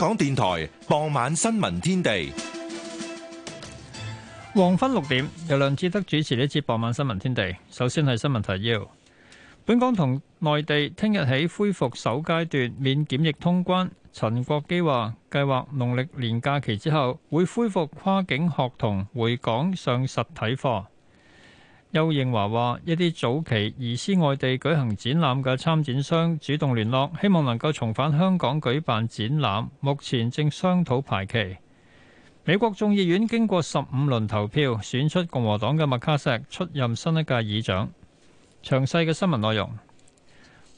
香港電台傍晚新聞天地，黃昏六點由梁志德主持呢次傍晚新聞天地。首先係新聞提要，本港同內地聽日起恢復首階段免檢疫通關。陳國基話，計劃農曆年假期之後會恢復跨境學童回港上實體課。邱應華話：一啲早期移師外地舉行展覽嘅參展商主動聯絡，希望能夠重返香港舉辦展覽，目前正商討排期。美國眾議院經過十五輪投票，選出共和黨嘅麥卡錫出任新一屆議長。詳細嘅新聞內容，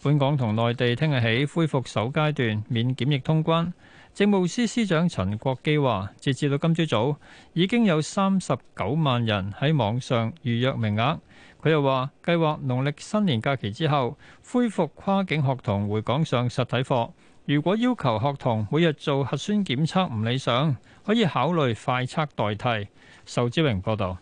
本港同內地聽日起恢復首階段免檢疫通關。政務司司長陳國基話，截至到今朝早，已經有三十九萬人喺網上預約名額。佢又話，計劃農曆新年假期之後恢復跨境學童回港上實體課。如果要求學童每日做核酸檢測唔理想，可以考慮快測代替。仇志榮報道。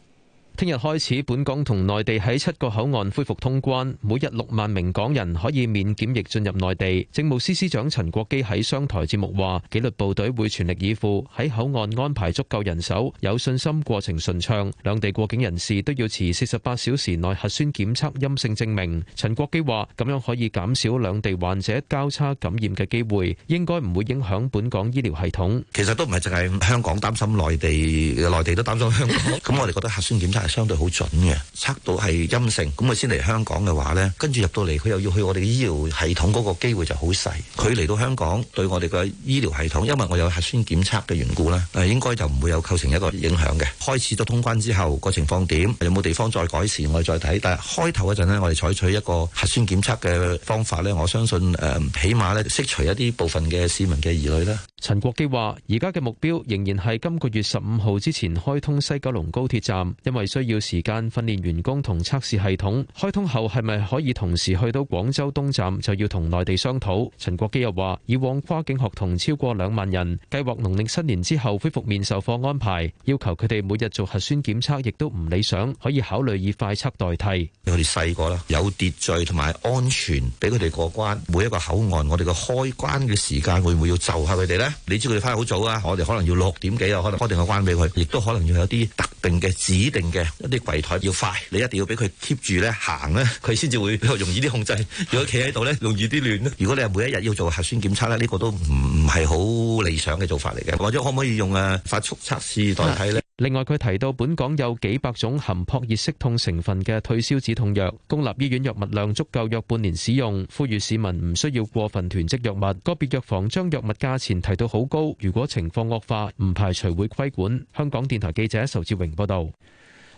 聽日開始，本港同內地喺七個口岸恢復通關，每日六萬名港人可以免檢疫進入內地。政務司司長陳國基喺商台節目話，紀律部隊會全力以赴喺口岸安排足夠人手，有信心過程順暢。兩地過境人士都要持四十八小時內核酸檢測陰性證明。陳國基話，咁樣可以減少兩地患者交叉感染嘅機會，應該唔會影響本港醫療系統。其實都唔係淨係香港擔心內地，內地都擔心香港。咁我哋覺得核酸檢測。係相對好準嘅，測到係陰性咁啊，先嚟香港嘅話呢，跟住入到嚟佢又要去我哋嘅醫療系統嗰、嗰個機會就好細。佢嚟到香港對我哋嘅醫療系統，因為我有核酸檢測嘅緣故呢，誒應該就唔會有構成一個影響嘅。開始咗通關之後，個情況點有冇地方再改善，我哋再睇。但係開頭嗰陣咧，我哋採取一個核酸檢測嘅方法呢，我相信誒、呃、起碼咧，剔除一啲部分嘅市民嘅疑慮。呢陳國基話：而家嘅目標仍然係今個月十五號之前開通西九龍高鐵站，因為需要時間訓練員工同測試系統。開通後係咪可以同時去到廣州東站，就要同內地商討。陳國基又話：以往跨境學童超過兩萬人，計劃農曆新年之後恢復面授課安排。要求佢哋每日做核酸檢測，亦都唔理想，可以考慮以快測代替。因為佢哋細個啦，有秩序同埋安全，俾佢哋過關。每一個口岸，我哋嘅開關嘅時間會唔會要就下佢哋呢？你知佢哋返嚟好早啊，我哋可能要六點幾啊，可能開定個關俾佢，亦都可能要有啲特定嘅指定嘅。一啲櫃台要快，你一定要俾佢 keep 住咧行咧，佢先至會比較容易啲控制。如果企喺度咧，容易啲亂咧。如果你係每一日要做核酸檢測咧，呢個都唔唔係好理想嘅做法嚟嘅。或者可唔可以用誒快速測試代替咧？另外，佢提到本港有幾百種含撲熱息痛成分嘅退燒止痛藥，公立醫院藥物量足夠，約半年使用。呼籲市民唔需要過分囤積藥物。個別藥房將藥物價錢提到好高。如果情況惡化，唔排除會規管。香港電台記者仇志榮報導。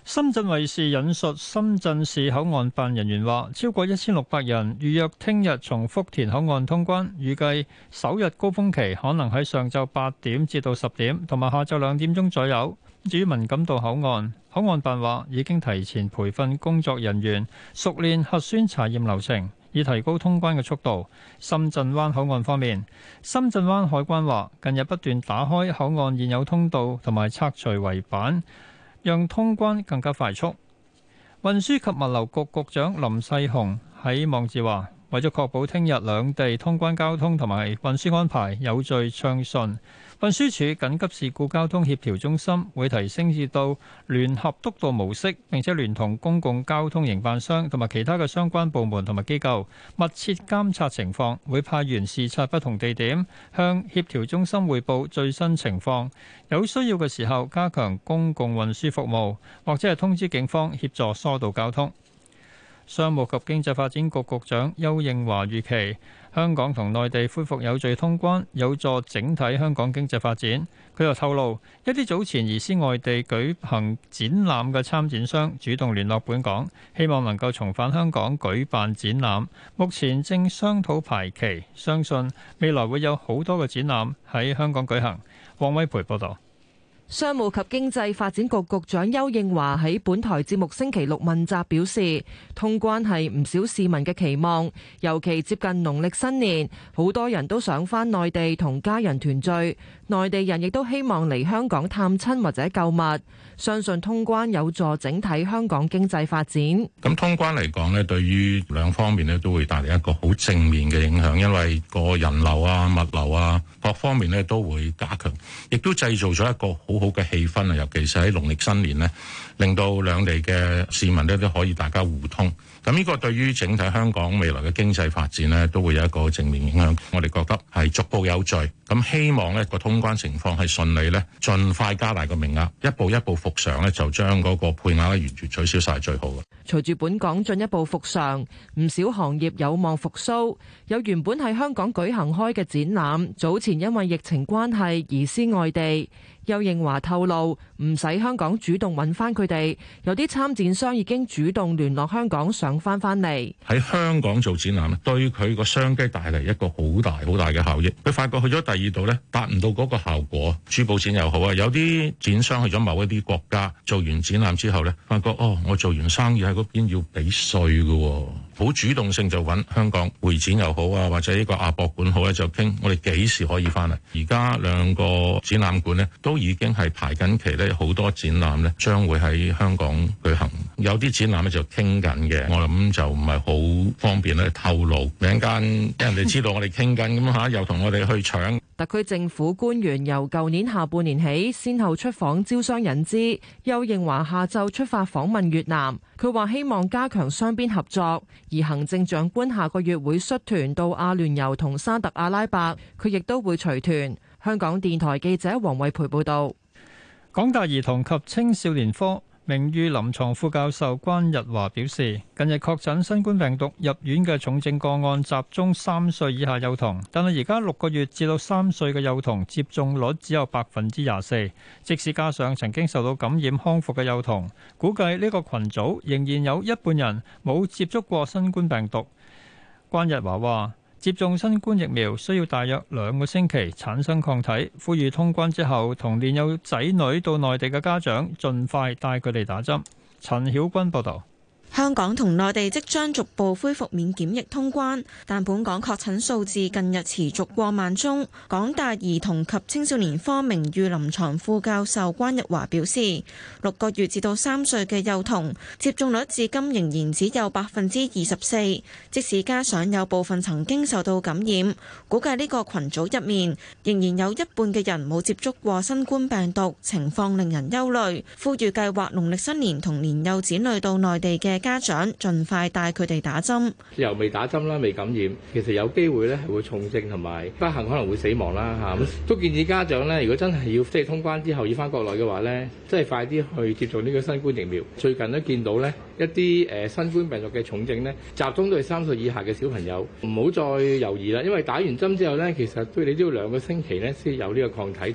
深圳衛視引述深圳市口岸辦人員話，超過一千六百人預約聽日從福田口岸通關，預計首日高峰期可能喺上晝八點至到十點，同埋下晝兩點鐘左右。至於文錦渡口岸，口岸辦話已經提前培訓工作人員，熟練核酸查驗流程，以提高通關嘅速度。深圳灣口岸方面，深圳灣海關話，近日不斷打開口岸現有通道，同埋拆除圍板。讓通關更加快速。運輸及物流局局長林世雄喺網誌話，為咗確保聽日兩地通關交通同埋運輸安排有序暢順，運輸署緊急事故交通協調中心會提升至到聯合督導模式，並且聯同公共交通營辦商同埋其他嘅相關部門同埋機構密切監察情況，會派員視察不同地點，向協調中心匯報最新情況。有需要嘅時候加強公共運輸服務，或者係通知警方協助疏導交通。商務及經濟發展局局長邱應華預期香港同內地恢復有序通關，有助整體香港經濟發展。佢又透露，一啲早前移師外地舉行展覽嘅參展商主動聯絡本港，希望能夠重返香港舉辦展覽。目前正商討排期，相信未來會有好多嘅展覽喺香港舉行。王偉培報道。商務及經濟發展局局長丘應華喺本台節目星期六問責表示，通關係唔少市民嘅期望，尤其接近農曆新年，好多人都想返內地同家人團聚。內地人亦都希望嚟香港探親或者購物，相信通關有助整體香港經濟發展。咁通關嚟講咧，對於兩方面咧都會帶嚟一個好正面嘅影響，因為個人流啊、物流啊各方面咧都會加強，亦都製造咗一個好好嘅氣氛啊！尤其是喺農曆新年咧，令到兩地嘅市民咧都可以大家互通。咁呢個對於整體香港未來嘅經濟發展呢，都會有一個正面影響。我哋覺得係逐步有序咁、嗯，希望呢、呢個通關情況係順利呢，盡快加大個名額，一步一步復常呢就將嗰個配額完全取消晒。最好嘅。隨住本港進一步復常，唔少行業有望復甦，有原本喺香港舉行開嘅展覽，早前因為疫情關係移師外地。邱應樺透露，唔使香港主動搵翻佢哋，有啲參展商已經主動聯絡香港想，想翻翻嚟。喺香港做展覽咧，對佢個商機帶嚟一個好大好大嘅效益。佢發覺去咗第二度呢，達唔到嗰個效果。珠寶展又好啊，有啲展商去咗某一啲國家，做完展覽之後呢，發覺哦，我做完生意喺嗰邊要俾稅㗎。好主動性就揾香港會展又好啊，或者呢個亞博館好咧，就傾我哋幾時可以返嚟？而家兩個展覽館咧，都已經係排緊期咧，好多展覽咧將會喺香港舉行。有啲展覽咧就傾緊嘅，我諗就唔係好方便咧透露。突然間人哋知道我哋傾緊咁嚇，又同我哋去搶。特區政府官員由舊年下半年起，先後出訪招商引資。丘應樺下晝出發訪問越南，佢話希望加強雙邊合作。而行政長官下個月會率團到阿聯酋同沙特阿拉伯，佢亦都會隨團。香港電台記者黃慧培報道。港大兒童及青少年科。名譽臨床副教授關日華表示，近日確診新冠病毒入院嘅重症個案集中三歲以下幼童，但係而家六個月至到三歲嘅幼童接種率只有百分之廿四，即使加上曾經受到感染康復嘅幼童，估計呢個群組仍然有一半人冇接觸過新冠病毒。關日華話：接種新冠疫苗需要大約兩個星期產生抗體，呼籲通關之後同年幼仔女到內地嘅家長，盡快帶佢哋打針。陳曉君報道。香港同內地即將逐步恢復免檢疫通關，但本港確診數字近日持續過萬宗。港大兒童及青少年科名譽臨床副教授關日華表示，六個月至到三歲嘅幼童接種率至今仍然只有百分之二十四，即使加上有部分曾經受到感染，估計呢個群組入面仍然有一半嘅人冇接觸過新冠病毒，情況令人憂慮。呼籲計劃農曆新年同年幼子女到內地嘅家長盡快帶佢哋打針，又未打針啦，未感染，其實有機會咧係會重症，同埋不幸可能會死亡啦，吓。咁、嗯、 都建議家長咧，如果真係要即係通關之後要翻國內嘅話咧，即係快啲去接種呢個新冠疫苗。最近都見到咧一啲誒新冠病毒嘅重症咧，集中都係三歲以下嘅小朋友，唔好再猶豫啦。因為打完針之後咧，其實對你都要兩個星期咧先有呢個抗體。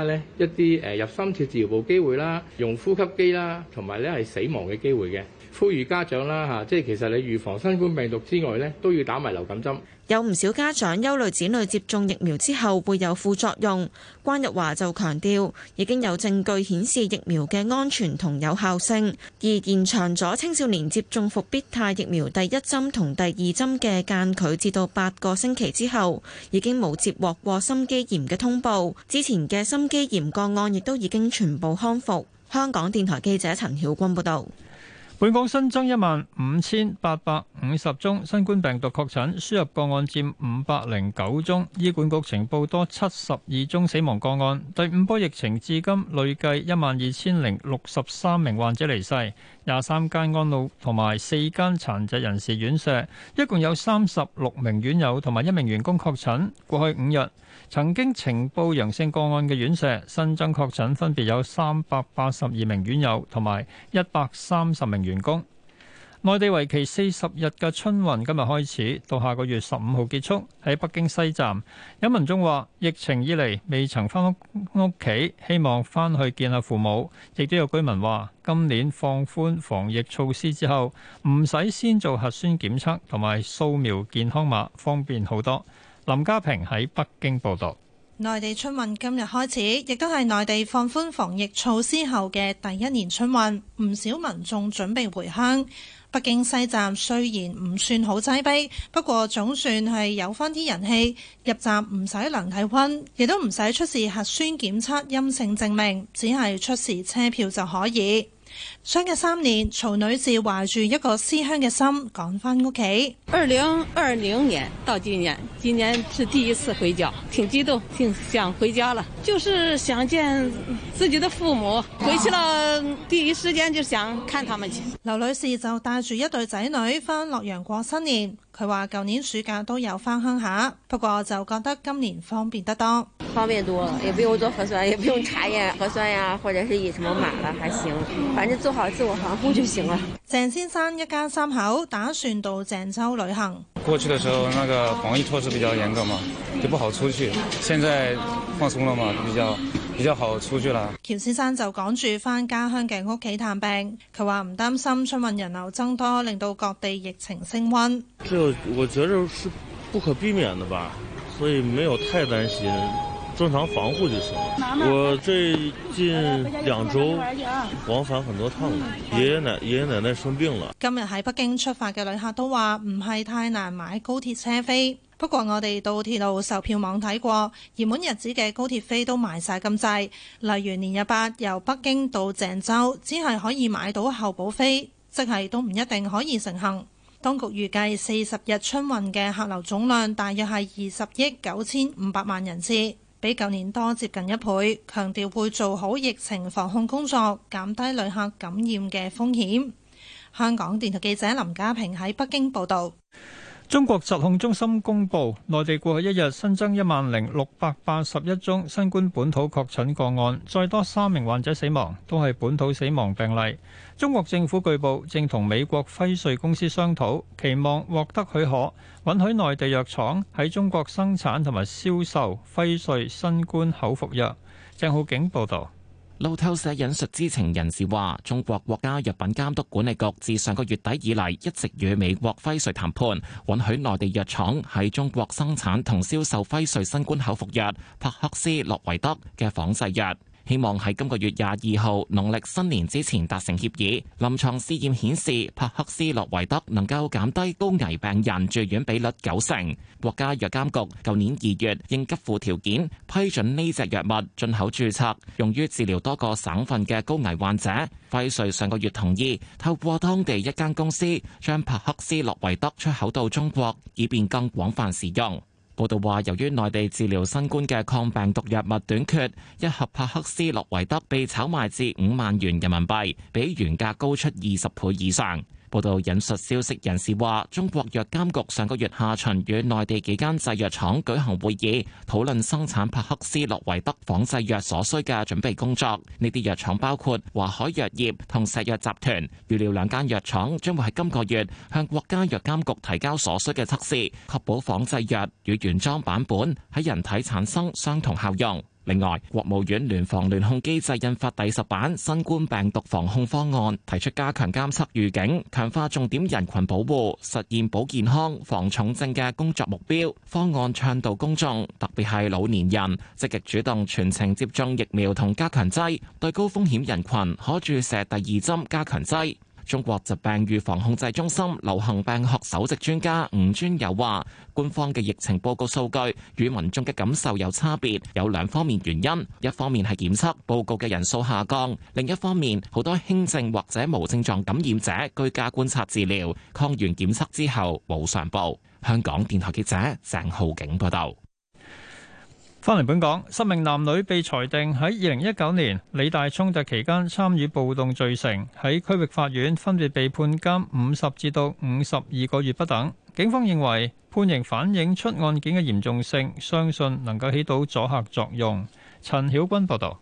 一啲誒入深切治療部機會啦，用呼吸機啦，同埋咧係死亡嘅機會嘅。呼籲家長啦嚇，即係其實你預防新冠病毒之外咧，都要打埋流感針。有唔少家長憂慮子女接種疫苗之後會有副作用。關日華就強調，已經有證據顯示疫苗嘅安全同有效性，而延長咗青少年接種復必泰疫苗第一針同第二針嘅間距至到八個星期之後，已經冇接獲過心肌炎嘅通報。之前嘅心肌炎個案亦都已經全部康復。香港電台記者陳曉君報導。本港新增一萬五千八百五十宗新冠病毒確診，輸入個案佔五百零九宗。醫管局呈報多七十二宗死亡個案。第五波疫情至今累計一萬二千零六十三名患者離世。廿三間安老同埋四間殘疾人士院舍，一共有三十六名院友同埋一名員工確診。過去五日，曾經呈報陽性個案嘅院舍，新增確診分別有三百八十二名院友同埋一百三十名員工。內地為期四十日嘅春運今日開始，到下個月十五號結束。喺北京西站，有民眾話，疫情以嚟，未曾翻屋屋企，希望翻去見下父母。亦都有居民話，今年放寬防疫措施之後，唔使先做核酸檢測同埋掃描健康碼，方便好多。林家平喺北京報道。內地春運今日開始，亦都係內地放寬防疫措施後嘅第一年春運。唔少民眾準備回鄉。北京西站雖然唔算好擠逼，不過總算係有翻啲人氣。入站唔使量體溫，亦都唔使出示核酸檢測陰性證明，只係出示車票就可以。相隔三年，曹女士懷住一個思鄉嘅心，趕翻屋企。二零二零年到今年，今年是第一次回家，挺激動，挺想回家了，就是想見自己的父母。回去了，第一時間就想看他們。去劉女士就帶住一對仔女翻洛陽過新年。佢話：舊年暑假都有返鄉下，不過就覺得今年方便得多。方便多了，也不用做核酸，也不用查驗核酸呀、啊，或者是以什麼碼啦，還行，反正做好自我防護就行了。鄭先生一家三口打算到鄭州旅行。過去的時候，那個防疫措施比較嚴格嘛，就不好出去。現在放鬆了嘛，比較。就好出去啦。喬先生就趕住翻家鄉嘅屋企探病，佢話唔擔心春運人流增多令到各地疫情升溫。這我覺得是不可避免的吧，所以沒有太擔心，正常防護就行、是。我最近兩周往返很多趟，爺爺奶奶爺爺奶奶生病了。今日喺北京出發嘅旅客都話唔係太難買高鐵車飛。不過，我哋到鐵路售票網睇過，熱門日子嘅高鐵飛都賣晒咁滯。例如年日八由北京到鄭州，只係可以買到候補飛，即係都唔一定可以成行。當局預計四十日春運嘅客流總量大約係二十億九千五百萬人次，比舊年多接近一倍。強調會做好疫情防控工作，減低旅客感染嘅風險。香港電台記者林家平喺北京報道。中國疾控中心公布，內地過去一日新增一萬零六百八十一宗新冠本土確診個案，再多三名患者死亡，都係本土死亡病例。中國政府據報正同美國輝瑞公司商討，期望獲得許可，允許內地藥廠喺中國生產同埋銷售輝瑞新冠口服藥。鄭浩景報道。路透社引述知情人士話，中國國家藥品監督管理局自上個月底以嚟，一直與美國輝瑞談判，允許內地藥廠喺中國生產同銷售輝瑞新冠口服藥帕克斯洛維德嘅仿製藥。希望喺今個月廿二號農曆新年之前達成協議。臨床試驗顯示，帕克斯洛維德能夠減低高危病人住院比率九成。國家藥監局舊年二月應急附條件批准呢隻藥物進口註冊，用於治療多個省份嘅高危患者。輝瑞上個月同意透過當地一間公司將帕克斯洛維德出口到中國，以便更廣泛使用。報道話，由於內地治療新冠嘅抗病毒藥物短缺，一盒帕克斯洛維德被炒賣至五萬元人民幣，比原價高出二十倍以上。報道引述消息人士話，中國藥監局上個月下旬與內地幾間製藥廠舉行會議，討論生產帕克斯洛維德仿製藥所需嘅準備工作。呢啲藥廠包括華海藥業同石藥集團。預料兩間藥廠將會喺今個月向國家藥監局提交所需嘅測試，確保仿製藥與原裝版本喺人體產生相同效用。另外，國務院聯防聯控機制印發第十版新冠病毒防控方案，提出加強監測預警、強化重點人群保護、實現保健康、防重症嘅工作目標。方案倡導公眾，特別係老年人，積極主動全程接種疫苗同加強劑，對高風險人群可注射第二針加強劑。中國疾病預防控制中心流行病學首席專家吳尊友話，官方嘅疫情報告數據與民眾嘅感受有差別，有兩方面原因，一方面係檢測報告嘅人數下降，另一方面好多輕症或者無症狀感染者居家觀察治療，抗原檢測之後冇上報。香港電台記者鄭浩景報道。返嚟本港，十名男女被裁定喺二零一九年理大衝突期間參與暴動罪成，喺區域法院分別被判監五十至到五十二個月不等。警方認為判刑反映出案件嘅嚴重性，相信能夠起到阻嚇作用。陳曉君報道。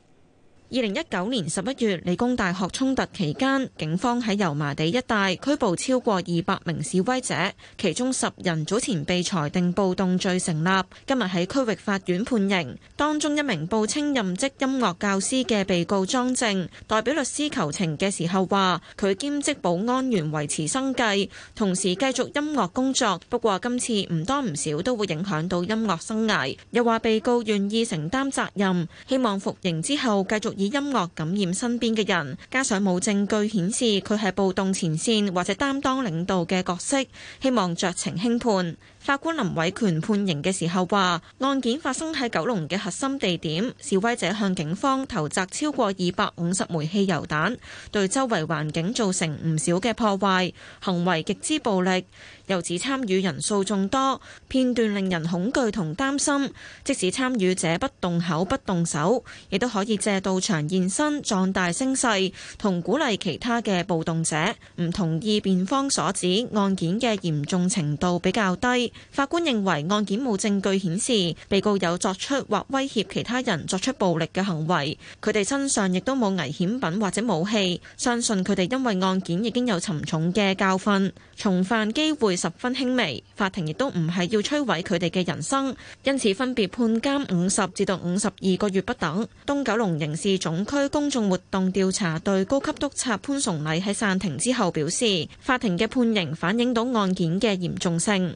二零一九年十一月，理工大學衝突期間，警方喺油麻地一帶拘捕超過二百名示威者，其中十人早前被裁定暴動罪成立，今日喺區域法院判刑。當中一名報稱任職音樂教師嘅被告莊正，代表律師求情嘅時候話，佢兼職保安員維持生計，同時繼續音樂工作。不過今次唔多唔少都會影響到音樂生涯。又話被告願意承擔責任，希望服刑之後繼續，以音樂感染身邊嘅人，加上冇證據顯示佢係暴動前線或者擔當領導嘅角色，希望酌情輕判。法官林偉權判刑嘅時候話，案件發生喺九龍嘅核心地點，示威者向警方投擲超過二百五十枚汽油彈，對周圍環境造成唔少嘅破壞，行為極之暴力。又指參與人數眾多，片段令人恐懼同擔心。即使參與者不動口、不動手，亦都可以借到場現身，壯大聲勢同鼓勵其他嘅暴動者。唔同意辯方所指案件嘅嚴重程度比較低。法官認為案件冇證據顯示被告有作出或威脅其他人作出暴力嘅行為，佢哋身上亦都冇危險品或者武器，相信佢哋因為案件已經有沉重嘅教訓，重犯機會十分輕微。法庭亦都唔係要摧毀佢哋嘅人生，因此分別判監五十至到五十二個月不等。東九龍刑事總區公眾活動調查隊高級督察潘崇禮喺散庭之後表示，法庭嘅判刑反映到案件嘅嚴重性。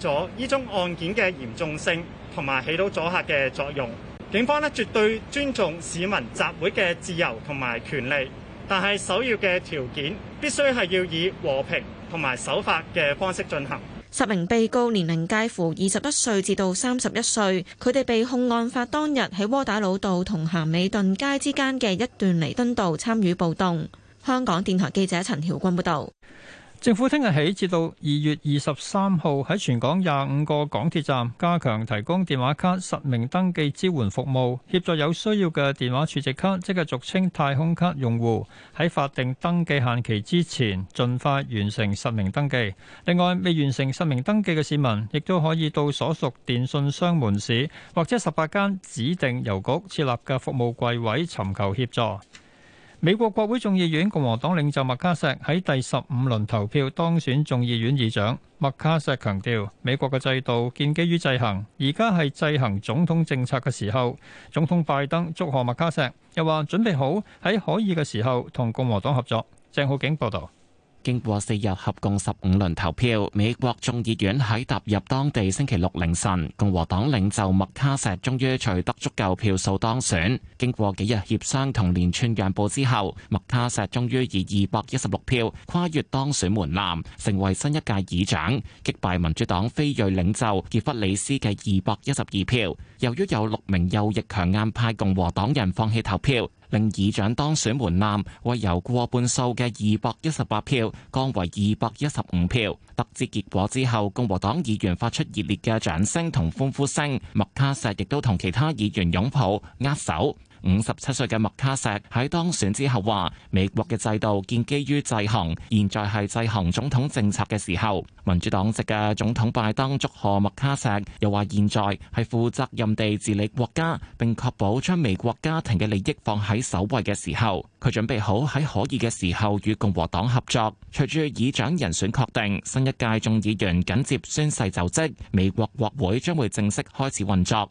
咗呢宗案件嘅嚴重性，同埋起到阻嚇嘅作用。警方咧，絕對尊重市民集會嘅自由同埋權利，但係首要嘅條件必須係要以和平同埋守法嘅方式進行。十名被告年齡介乎二十一歲至到三十一歲，佢哋被控案發當日喺窩打老道同咸美頓街之間嘅一段彌敦道參與暴動。香港電台記者陳曉君報道。政府聽日起至到二月二十三號，喺全港廿五個港鐵站加強提供電話卡實名登記支援服務，協助有需要嘅電話儲值卡（即係俗稱太空卡）用戶喺法定登記限期之前，盡快完成實名登記。另外，未完成實名登記嘅市民，亦都可以到所屬電信商門市或者十八間指定郵局設立嘅服務櫃位尋求協助。美國國會眾議院共和黨領袖麥卡錫喺第十五輪投票當選眾議院議長。麥卡錫強調，美國嘅制度建基於制衡，而家係制衡總統政策嘅時候。總統拜登祝賀麥卡錫，又話準備好喺可以嘅時候同共和黨合作。鄭浩景報道。經過四日合共十五輪投票，美國眾議院喺踏入當地星期六凌晨，共和黨領袖麥卡錫終於取得足夠票數當選。經過幾日協商同連串讓步之後，麥卡錫終於以二百一十六票跨越當選門檻，成為新一屆議長，擊敗民主黨非裔領袖傑弗里斯嘅二百一十二票。由於有六名右翼強硬派共和黨人放棄投票，令議長當選門檻，由過半數嘅二百一十八票降為二百一十五票。得知結果之後，共和黨議員發出熱烈嘅掌聲同歡呼聲，麥卡錫亦都同其他議員擁抱握手。五十七歲嘅麥卡錫喺當選之後話：美國嘅制度建基於制衡，現在係制衡總統政策嘅時候。民主黨籍嘅總統拜登祝賀麥卡錫，又話現在係負責任地治理國家，並確保將美國家庭嘅利益放喺首位嘅時候，佢準備好喺可以嘅時候與共和黨合作。隨住議長人選確定，新一屆眾議員緊接宣誓就職，美國國會將會正式開始運作。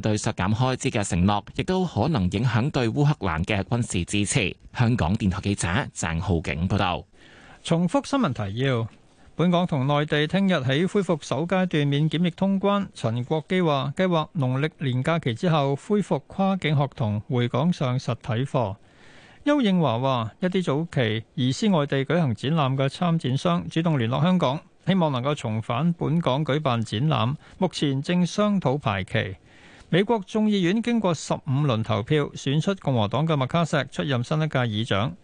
對削減開支嘅承諾，亦都可能影響對烏克蘭嘅軍事支持。香港電台記者鄭浩景報道。重複新聞提要：本港同內地聽日起恢復首階段免檢疫通關。陳國基話，計劃農曆年假期之後恢復跨境學童回港上實體課。邱應華話，一啲早期移師外地舉行展覽嘅參展商主動聯絡香港，希望能夠重返本港舉辦展覽，目前正正商討排期。美國眾議院經過十五輪投票，選出共和黨嘅麥卡錫出任新一屆議長。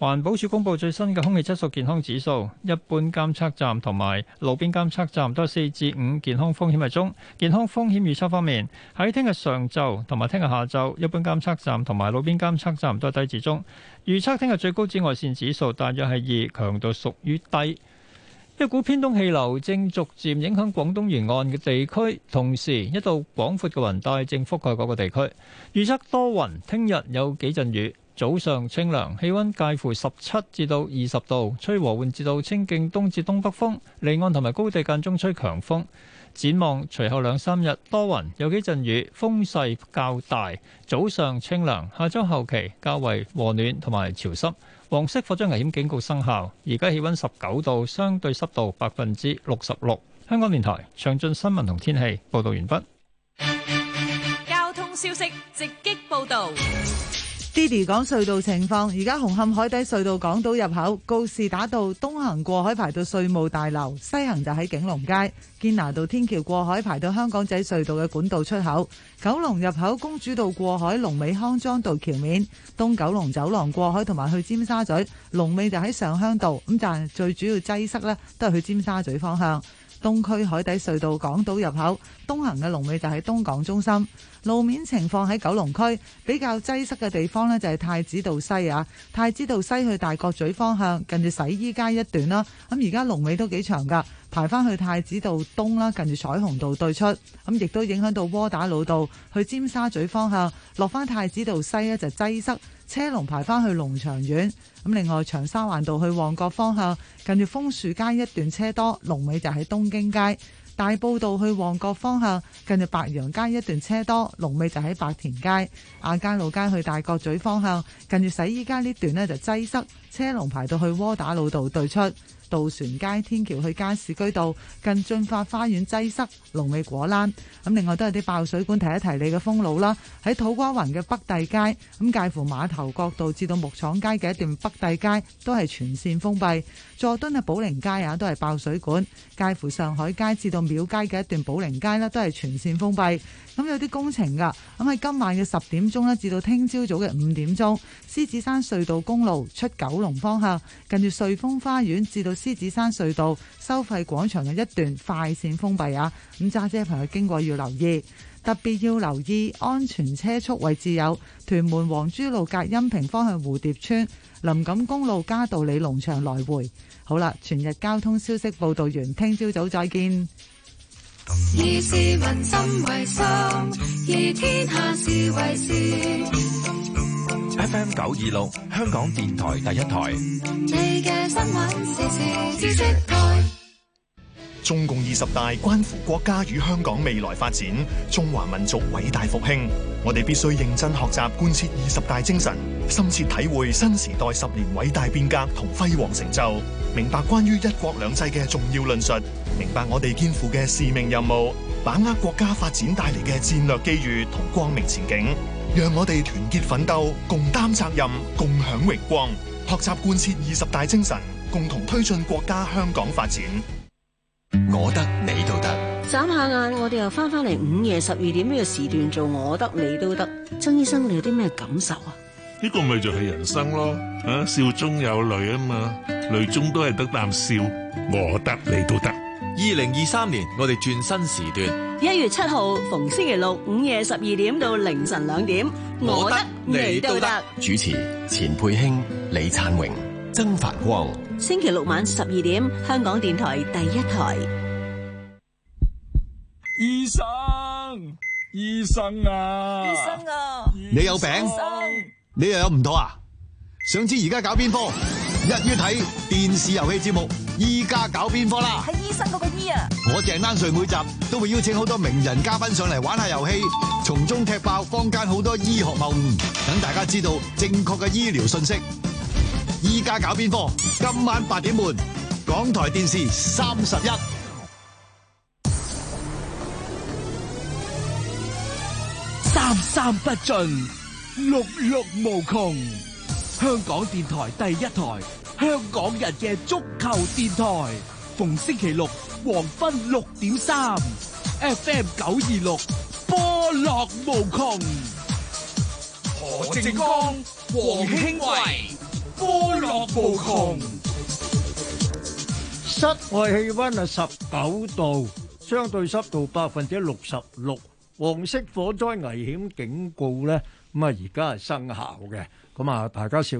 環保署公布最新嘅空氣質素健康指數，一般監測站同埋路邊監測站都係四至五，健康風險係中。健康風險預測方面，喺聽日上晝同埋聽日下晝，一般監測站同埋路邊監測站都係低至中。預測聽日最高紫外線指數大約係二，強度屬於低。一股偏東氣流正逐漸影響廣東沿岸嘅地區，同時一道廣闊嘅雲帶正覆蓋嗰個地區。預測多雲，聽日有幾陣雨。早上清涼，氣溫介乎十七至到二十度，吹和緩至到清勁東至東北風，離岸同埋高地間中吹強風。展望隨後兩三日多雲，有幾陣雨，風勢較大。早上清涼，下周後期較為和暖同埋潮濕。黃色火災危險警告生效。而家氣溫十九度，相對濕度百分之六十六。香港電台詳盡新聞同天氣報道完畢。交通消息直擊報道。d i d y 講隧道情況，而家紅磡海底隧道港島入口告士打道東行過海排到稅務大樓，西行就喺景隆街堅拿道天橋過海排到香港仔隧道嘅管道出口，九龍入口公主道過海龍尾康莊道橋面，東九龍走廊過海同埋去尖沙咀龍尾就喺上鄉道，咁但係最主要擠塞呢，都係去尖沙咀方向。東區海底隧道港島入口東行嘅龍尾就喺東港中心，路面情況喺九龍區比較擠塞嘅地方呢，就係太子道西啊，太子道西去大角咀方向近住洗衣街一段啦，咁而家龍尾都幾長噶。排翻去太子道東啦，近住彩虹道對出，咁亦都影響到窩打老道去尖沙咀方向，落翻太子道西呢，就擠塞車龍排翻去龍翔苑。咁另外長沙灣道去旺角方向，近住楓樹街一段車多，龍尾就喺東京街。大埔道去旺角方向，近住白楊街一段車多，龍尾就喺白田街。亞皆老街去大角咀方向，近住洗衣街呢段呢，就擠塞車龍排到去窩打老道對出。渡船街天橋去加士居道，近駿發花園擠塞，龍尾果欄。咁另外都有啲爆水管，提一提你嘅封路啦。喺土瓜灣嘅北帝街，咁介乎馬頭角道至到木廠街嘅一段北帝街都係全線封閉。佐敦嘅寶靈街啊，都係爆水管，介乎上海街至到廟街嘅一段寶靈街呢都係全線封閉。咁有啲工程噶，咁喺今晚嘅十點鐘呢至到聽朝早嘅五點鐘，獅子山隧道公路出九龍方向，近住瑞豐花園至到。獅子山隧道收費廣場有一段快綫封閉啊！咁揸車朋友經過要留意，特別要留意安全車速位置，有屯門黃珠路隔音屏方向蝴蝶村、林錦公路嘉道理農場來回。好啦，全日交通消息報道完，聽朝早再見。以市民心為心，以天下事為事。FM 九二六，26，香港電臺第一台。 中共二十大關乎國家與香港未來發展、中華民族偉大復興，我哋必須認真學習、貫徹二十大精神，深切體會新時代十年偉大變革同輝煌成就，明白關於一國兩制嘅重要論述，明白我哋肩負嘅使命任務，把握國家發展帶嚟嘅戰略機遇同光明前景。讓我哋團結奮鬥，共擔責任，共享榮光。學習貫徹二十大精神，共同推進國家香港發展。我得你都得。眨下眼，我哋又返返嚟午夜十二點呢個時段做。我得你都得。曾醫生，你有啲咩感受啊？呢個咪就係人生咯，啊，笑中有淚啊嘛，淚中都係得啖笑。我得你都得。二零二三年，我哋轉新時段，一月七號逢星期六午夜十二點到凌晨兩點，我得，我得你都得主持，錢佩興、李燦榮、曾繁光，星期六晚十二點，香港電台第一台。醫生，醫生啊，醫生啊，你有病？醫生！你又有唔到啊？想知而家搞邊科？一於睇電視遊戲節目，依家搞邊科啦？係醫生嗰個醫啊！我鄭丹瑞每集都會邀請好多名人嘉賓上嚟玩下遊戲，從中踢爆坊間好多醫學謬誤，等大家知道正確嘅醫療訊息。依家搞邊科？今晚八點半，港台電視三十一。三三不盡，六六無窮。香港電台第一台，香港人嘅足球電台，逢星期六黃昏六點三，FM 九二六，波落無窮。何正光、黃興偉，波落無窮。室外氣溫啊十九度，相對濕度百分之六十六，黃色火災危險警告咧。咁啊，而家係生效嘅，咁啊，大家笑。